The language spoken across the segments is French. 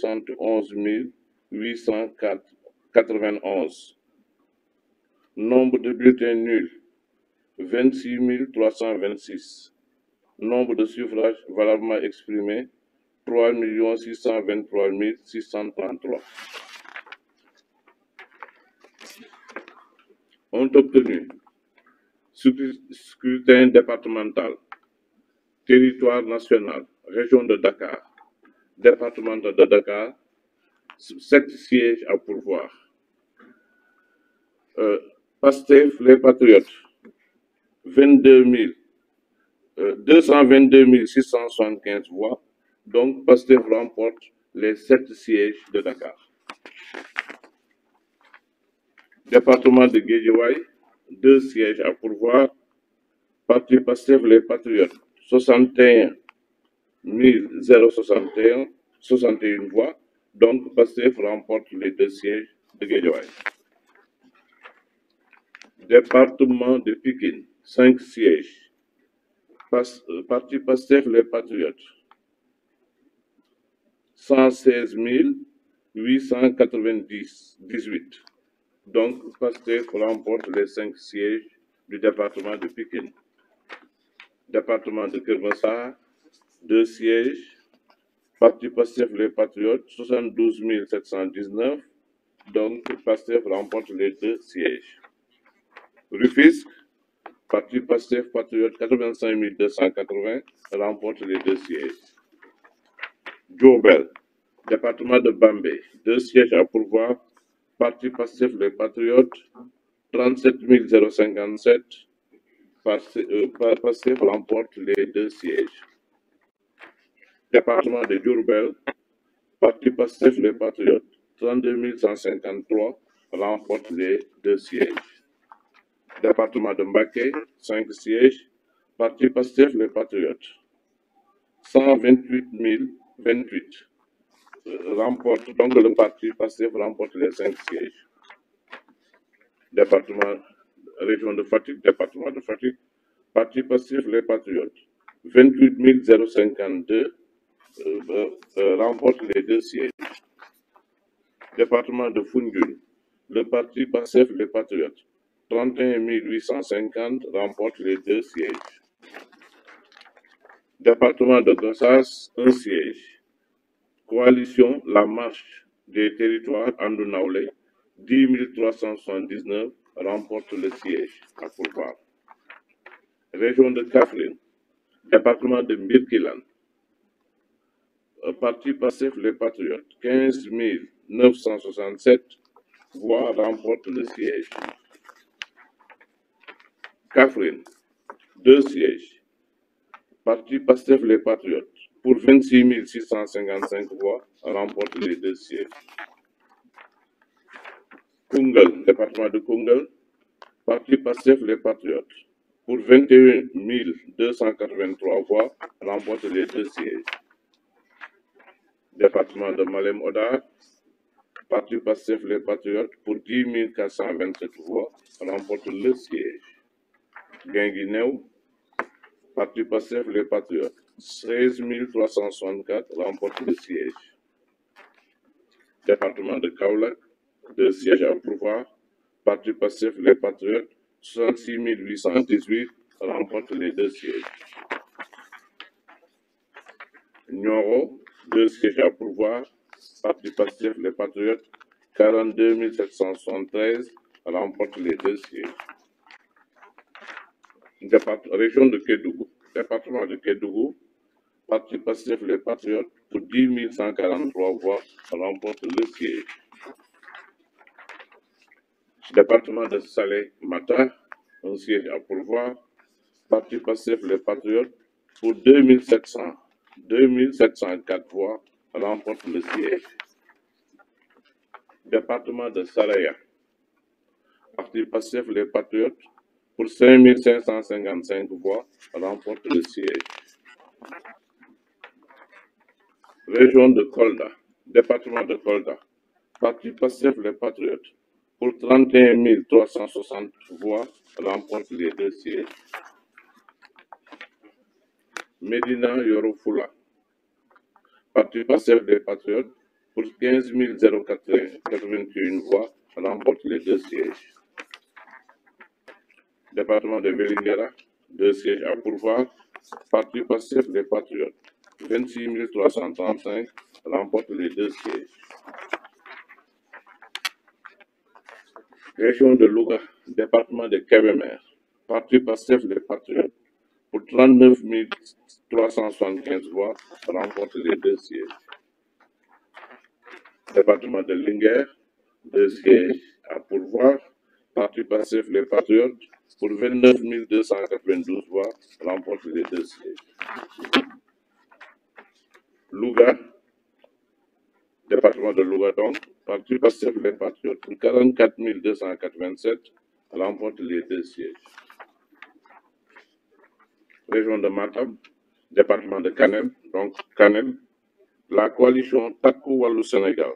71 891. Nombre de bulletins nuls, 26 326. Nombre de suffrages valablement exprimés, 3 623 633. Ont obtenu scrutin départemental, territoire national, région de Dakar, département de Dakar, sept sièges à pourvoir. Euh, PASTEF, les Patriotes, 22 222 675 voix. Donc, PASTEF remporte les 7 sièges de Dakar. Département de Guédiouaï, 2 sièges à pourvoir. Parti PASTEF, les Patriotes, 61 061, 61 voix. Donc, PASTEF remporte les deux sièges de Guédiouaï. Département de Pékin, 5 sièges. Euh, parti PASTEF, les Patriotes. 116 18. Donc, PASTEF remporte les 5 sièges du département de Pékin. Département de Kermassar, deux sièges, Parti passif les Patriotes, 72 719. Donc, Passif remporte les deux sièges. Rufisque, Parti passif Patriote, 85 280, remporte les deux sièges. Jobel département de Bambay, deux sièges à pourvoir, Parti passif les Patriotes, 37 057. passif remporte les deux sièges département de Durbel, Parti passif les Patriotes, 32 153 remporte les deux sièges. Département de Mbaké, 5 sièges, Parti passif les Patriotes, 128 028 remporte, donc le Parti passif remporte les 5 sièges. Département, région de Fatigue, département de Fatigue, Parti passif les Patriotes, 28 052 euh, euh, remporte les deux sièges. Département de Fundun, le parti PASSEF Les Patriotes, 31 850 remporte les deux sièges. Département de Gossas, un siège. Coalition La Marche des territoires Andounaoulé, 10 379 remporte le siège à Région de Kafrin, département de Mirkilan, Parti passif Les Patriotes, 15 967 voix remportent le siège. Catherine, deux sièges. Parti passif Les Patriotes, pour 26 655 voix, remportent les deux sièges. Kungal, département de Kungal, Parti passif Les Patriotes, pour 21 283 voix, remportent les deux sièges département de Malem Oda, parti Passif les Patriotes, pour 10 427 voix, remporte le siège. Guinguinéo, parti Passif les Patriotes, 16 364 remporte le siège. Département de Kaula, deux sièges à pouvoir, parti Passif les Patriotes, 66 818 remporte les deux sièges. Nyoro, deux sièges à pourvoir, Parti Passif, les Patriotes, 42 773 remporte les deux sièges. région de Kédougou, département de Kédougou, Parti Passif, les Patriotes, pour 10 143 voix, remporte le siège. Département de Salé Mata, un siège à pourvoir, Parti Passif, les Patriotes, pour 2700 2704 voix remporte le siège. Département de Saraya. Parti passif Les Patriotes, pour 5555 voix, remporte le siège. Région de Kolda. Département de Kolda. Parti passif Les Patriotes, pour 31 360 voix, remporte les deux sièges. Médina Yorofula. Parti passif des Patriotes pour 15 081 voix remporte les deux sièges. Département de Vélingera, deux sièges à pourvoir. Parti passif des Patriotes, 26 335 remporte les deux sièges. Région de Louga, département de Kébémer, parti passif des Patriotes, pour 39 375 voix, remporte les deux sièges. Département de Linger, deux sièges à pourvoir. Parti passif, les Patriotes, pour 29 292 voix, remporte les deux sièges. Louga, département de Louga donc, parti passif, les Patriotes, pour 44 287, remporte les deux sièges. Région de Matam, département de Canem, donc Canem, la coalition Taco Wallou Sénégal,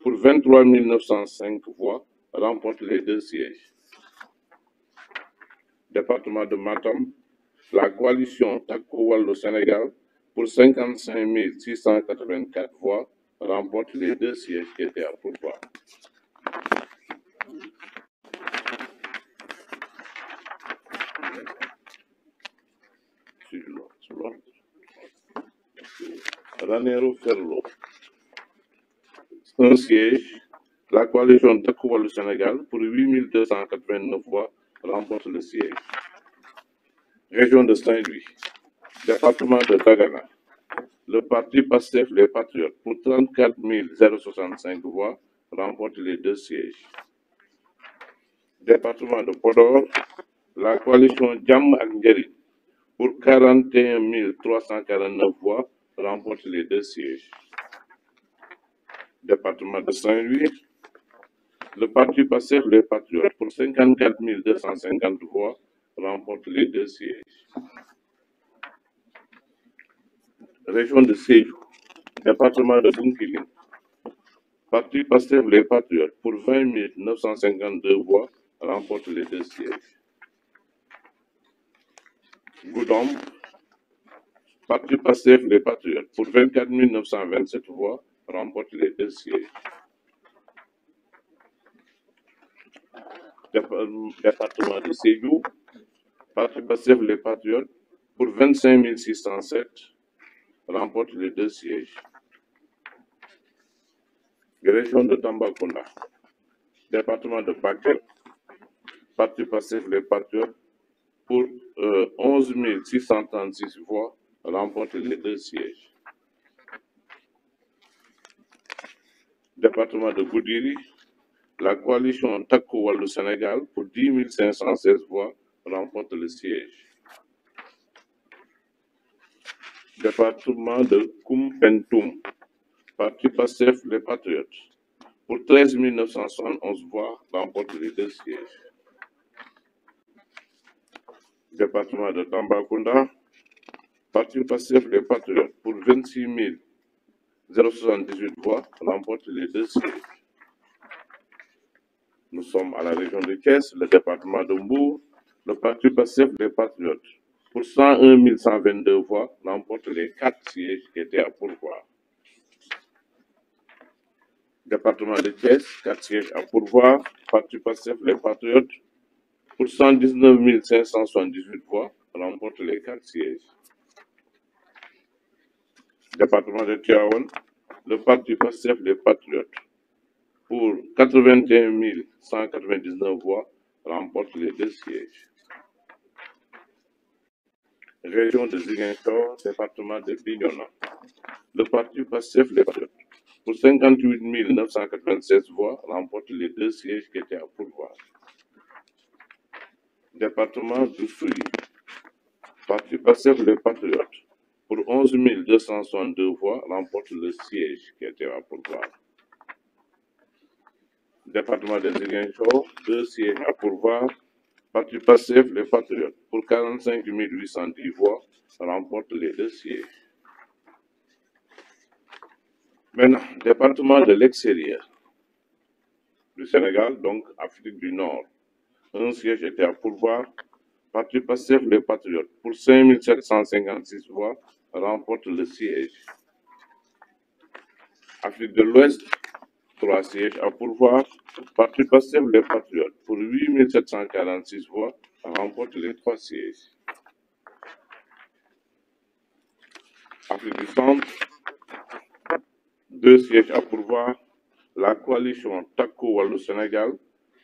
pour 23 905 voix, remporte les deux sièges. Département de Matam, la coalition Taco Wallou Sénégal, pour 55 684 voix, remporte les deux sièges qui étaient à pourvoir. Ranero Ferlo. Un siège, la coalition Takouwa le Sénégal, pour 8289 voix, remporte le siège. Région de Saint-Louis, département de Tagana, le parti PASTEF Les Patriotes, pour 34 065 voix, remporte les deux sièges. Département de Podor, la coalition Djam Angeri, pour 41 349 voix, remporte les deux sièges. Département de Saint-Louis, le parti passé, les Patriotes, pour 54 250 voix, remporte les deux sièges. Région de Séjou, département de Bunkiling, parti passé, les Patriotes, pour 20 952 voix, remporte les deux sièges. Goudamp, Parti passif, les Patriotes, pour 24 927 voix, remporte les deux sièges. Département de Ségou, Parti passif, les Patriotes, pour 25 607, remporte les deux sièges. Région de Tambacounda, département de Bakel, Parti passif, les Patriotes, pour 11 euh, 636 voix, remporte les deux sièges. Département de Goudiri, la coalition Taco du Sénégal pour 10 516 voix remporte le siège. Département de Kumpentum, parti PASSEF Les Patriotes, pour 13 971 voix remporte les deux sièges. Département de Tambacounda, Parti Passif, les Patriotes, pour 26 078 voix, remporte les deux sièges. Nous sommes à la région de Caisse, le département de Le Parti Passif, les Patriotes, pour 101 122 voix, remporte les quatre sièges qui étaient à pourvoir. Département de Thiès, quatre sièges à pourvoir. Parti Passif, les Patriotes, pour 119 578 voix, remporte les quatre sièges département de Tiaon, le parti Passif des Patriotes, pour 81 199 voix, remporte les deux sièges. Région de Ziguinchor, département de Bignona, le parti Passif les Patriotes, pour 58 996 voix, remporte les deux sièges qui étaient à pouvoir. Département d'Oussouy, parti Passif les Patriotes, pour 11 262 voix, remporte le siège qui était à pourvoir. Département de Ziguinchor, deux sièges à pourvoir. Parti passif, les Patriotes, pour 45 810 voix, remporte les deux sièges. Maintenant, département de l'extérieur du Sénégal, donc Afrique du Nord. Un siège était à pourvoir. Parti passif, les Patriotes, pour 5 756 voix, remporte le siège. Afrique de l'Ouest, trois sièges à pourvoir. Parti les Patriotes, pour 8746 voix, remporte les trois sièges. Afrique du Centre, deux sièges à pourvoir. La coalition TACO Wallou-Sénégal,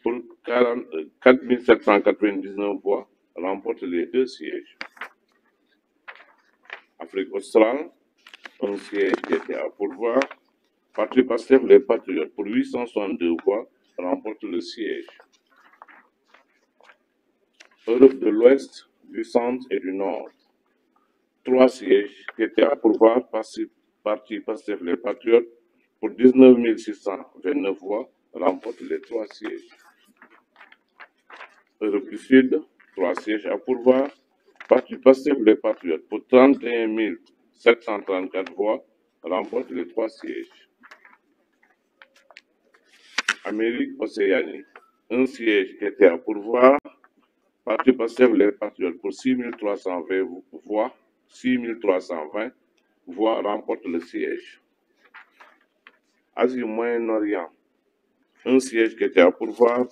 pour 4799 voix, remporte les deux sièges. Afrique australe, un siège qui était à pourvoir. Parti Pasteur, les Patriotes, pour 862 voix, remporte le siège. Europe de l'Ouest, du Centre et du Nord, trois sièges qui étaient à pourvoir Parti Pasteur, les Patriotes, pour 19 629 voix, remporte les trois sièges. Europe du Sud, trois sièges à pourvoir, Parti passif, les Patriotes, pour 31 734 voix, remporte les trois sièges. Amérique Océanie, un siège qui était à pourvoir. Parti passif, les Patriotes, pour 6 320 voix, 6 voix, remporte le siège. Asie Moyen-Orient, un siège qui était à pourvoir.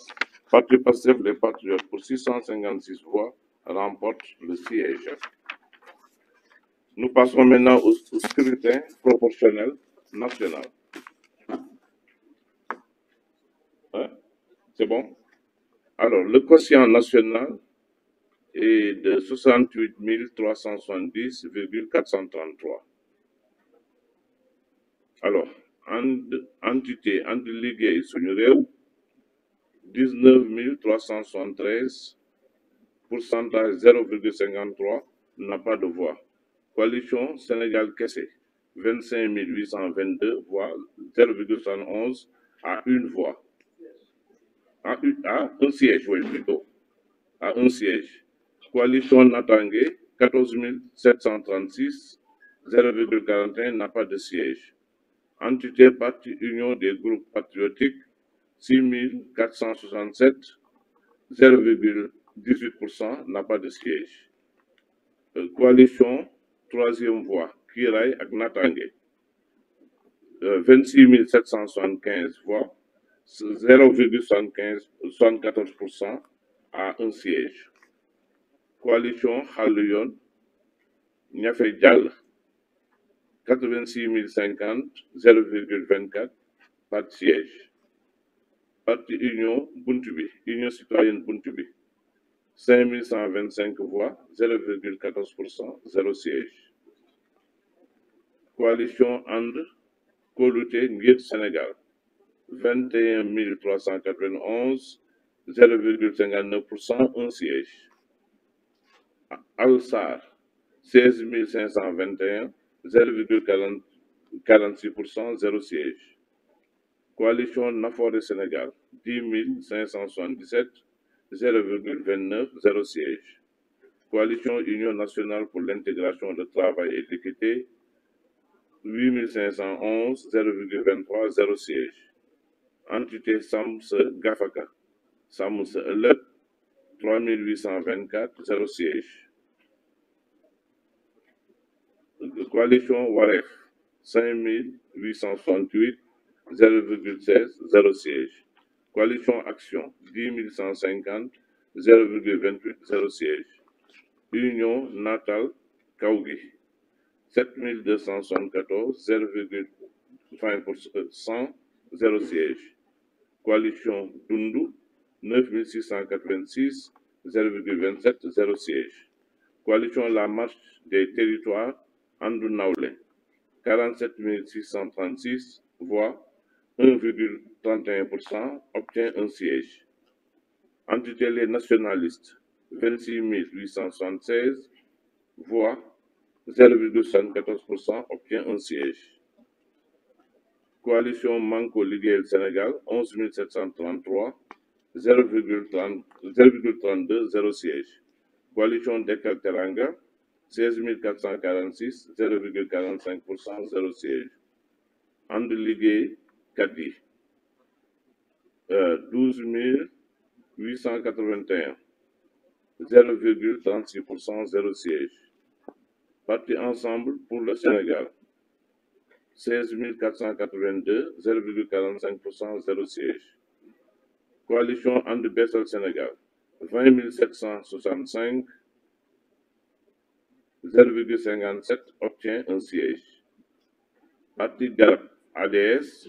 Parti passive les Patriotes, pour 656 voix, remporte le siège. Nous passons maintenant au, scrutin proportionnel national. Hein? C'est bon Alors, le quotient national est de 68 370,433. Alors, entité, et entité, 19 373 pourcentage 0,53, n'a pas de voix. Coalition Sénégal-Kessé, 25 822 voix, 0,71 à une voix. À, un siège, oui, plutôt. À un siège. Coalition Natangé, 14 736, 0,41 n'a pas de siège. Entité Parti Union des groupes patriotiques, 6 467, 0,41. 18% n'a pas de siège. Coalition euh, coalition, troisième voie, Kirai Agnatangé. 26 775 voix, 0,74% à un siège. Coalition Haluyon, Niafé Dial, 86 050, 0,24 par siège. Parti Union Buntubi, Union citoyenne Buntubi, 5125 voix, 0,14%, 0 siège. Coalition Andre Colouté, Nguyen Sénégal, 21 391, 0,59%, 1 siège. Al-Sar, 16 521, 0,46%, 0 siège. Coalition Nafor Sénégal, 10 577, 0,29, 0 siège. Coalition Union nationale pour l'intégration, de travail et l'équité, 8511, 0,23, 0 siège. Entité SAMS GAFAKA, SAMS ELEP, 3824, 0 siège. Coalition WAREF, 5868, 0,16, 0 siège. Coalition Action, 10 150, 0,28, 0 siège. Union Natale Kaougi, 7274, 0,5%, 0 siège. Coalition Dundu, 9686, 0,27, 0 siège. Coalition La Marche des Territoires, Andou 47 636 voix, 1,31% obtient un siège. en nationaliste, 26 876 voix, 0,74% obtient un siège. Coalition Manco Liguel Sénégal, 11 733, 0,32, 0 siège. Coalition Dekal 16 446, 0,45%, 0 siège. André Liguel, 12 881. 0,36%, 0 siège. Parti ensemble pour le Sénégal. 16 482, 0,45%, 0 siège. Coalition Ande Bessel Sénégal. 20 765, 0,57 obtient un siège. Parti Garab ADS,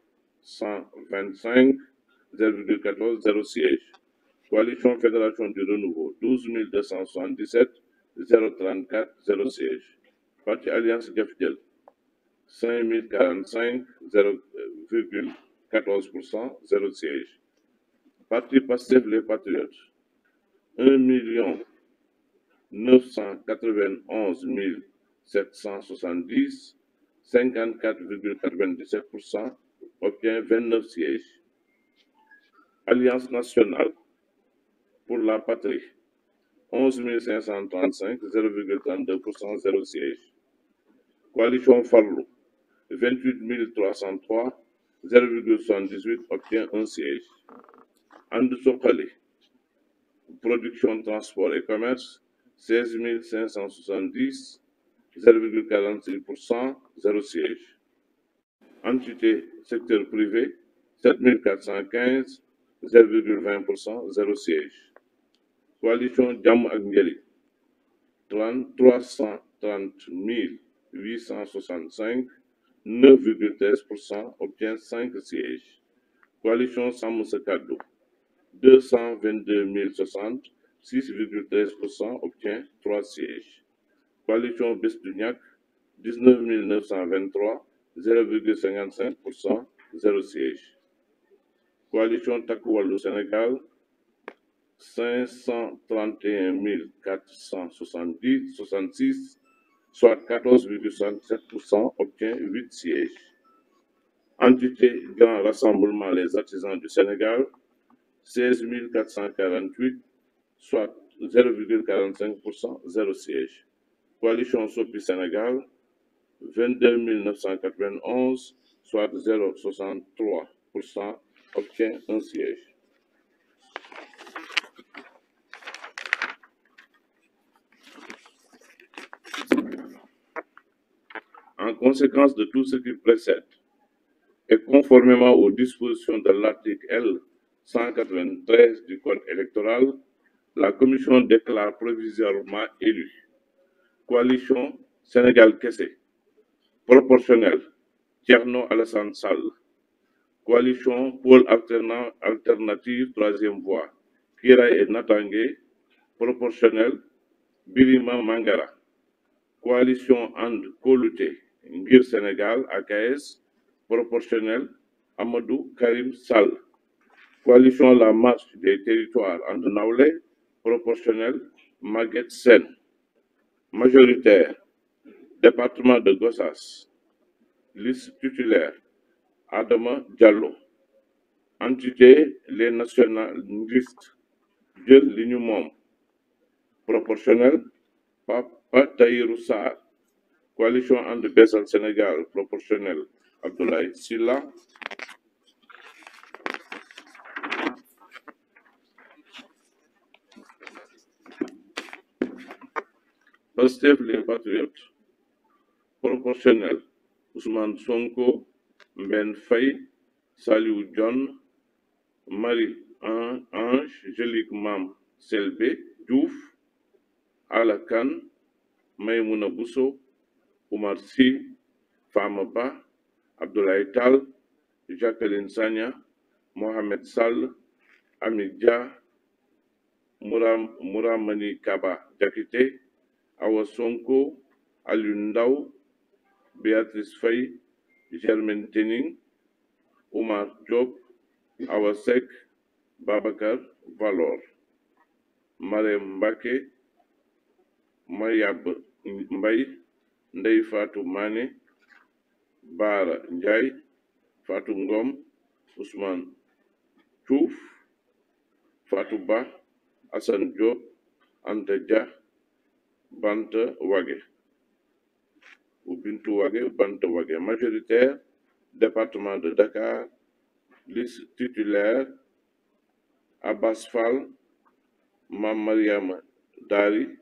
125 014 0 siège. Coalition Fédération du Renouveau 12 277 034 0 siège. Parti Alliance 5 5045 0,14% 0 siège. Parti Pastef les Patriotes 1 991 770 54,97% obtient 29 sièges. Alliance nationale pour la patrie, 11 535, 0,32%, 0 sièges. Coalition Farlo, 28 303, 0,78 obtient un siège. Andesokali, production, transport et commerce, 16 570, 0,46%, 0 siège entité secteur privé, 7415, 0,20%, 0 siège. Coalition Djam ak 330 865, 9,13% obtient 5 sièges. Coalition Sam 222 060, 6,13% obtient 3 sièges. Coalition Bestuniac, 19 923, 0,55 0 siège. Coalition Takoual du Sénégal 531 470 66 soit 14,57 obtient 8 sièges. Entité Grand Rassemblement Les Artisans du Sénégal 16 448 soit 0,45 0 siège. Coalition Sopi Sénégal 22 991, soit 0,63%, obtient un siège. En conséquence de tout ce qui précède, et conformément aux dispositions de l'article L 193 du Code électoral, la Commission déclare provisoirement élue Coalition Sénégal-Kessé proportionnel, Tierno Alassane Sall. Coalition Pôle alternant, Alternative, troisième voie, Pierre et Natangé, proportionnel, Birima Mangara. Coalition And Kolute Ngir Sénégal, AKS, proportionnel, Amadou Karim Sall. Coalition La Marche des Territoires, And Naoulé, proportionnel, Maguette Sen. Majoritaire, Département de Gossas, liste titulaire, Adama Diallo. Entité, les nationalistes, vieux Lignumum, Proportionnel, Papa Tahirou Coalition entre Bessal Sénégal, proportionnel, Abdoulaye Silla. Pastef les Patriotes proportionnel. Ousmane Sonko, Ben Faye, Saliou John, Marie Ange, Jelik Mam Selbe, Douf Alakan, Maïmouna Bousso, Oumar Sy, Ba, Abdoulaye Tal, Jacqueline Sanya, Mohamed Sal, Amidja, Muramani Kaba Jakite, Awa Sonko, Beatrice Fay, Germaine Tening, Omar Job, Awasek, Babakar, Valor, Marem Mbake, Mayab Mbay, Ndey Fatou Mané, Bara Ndiaye, Fatou Ngom, Ousmane Diouf, Fatou Ba, Assane Diop, Anta Banta Wage. ou Bintou Wagué Bante majoritaire département de Dakar liste titulaire Abbas Fall Dari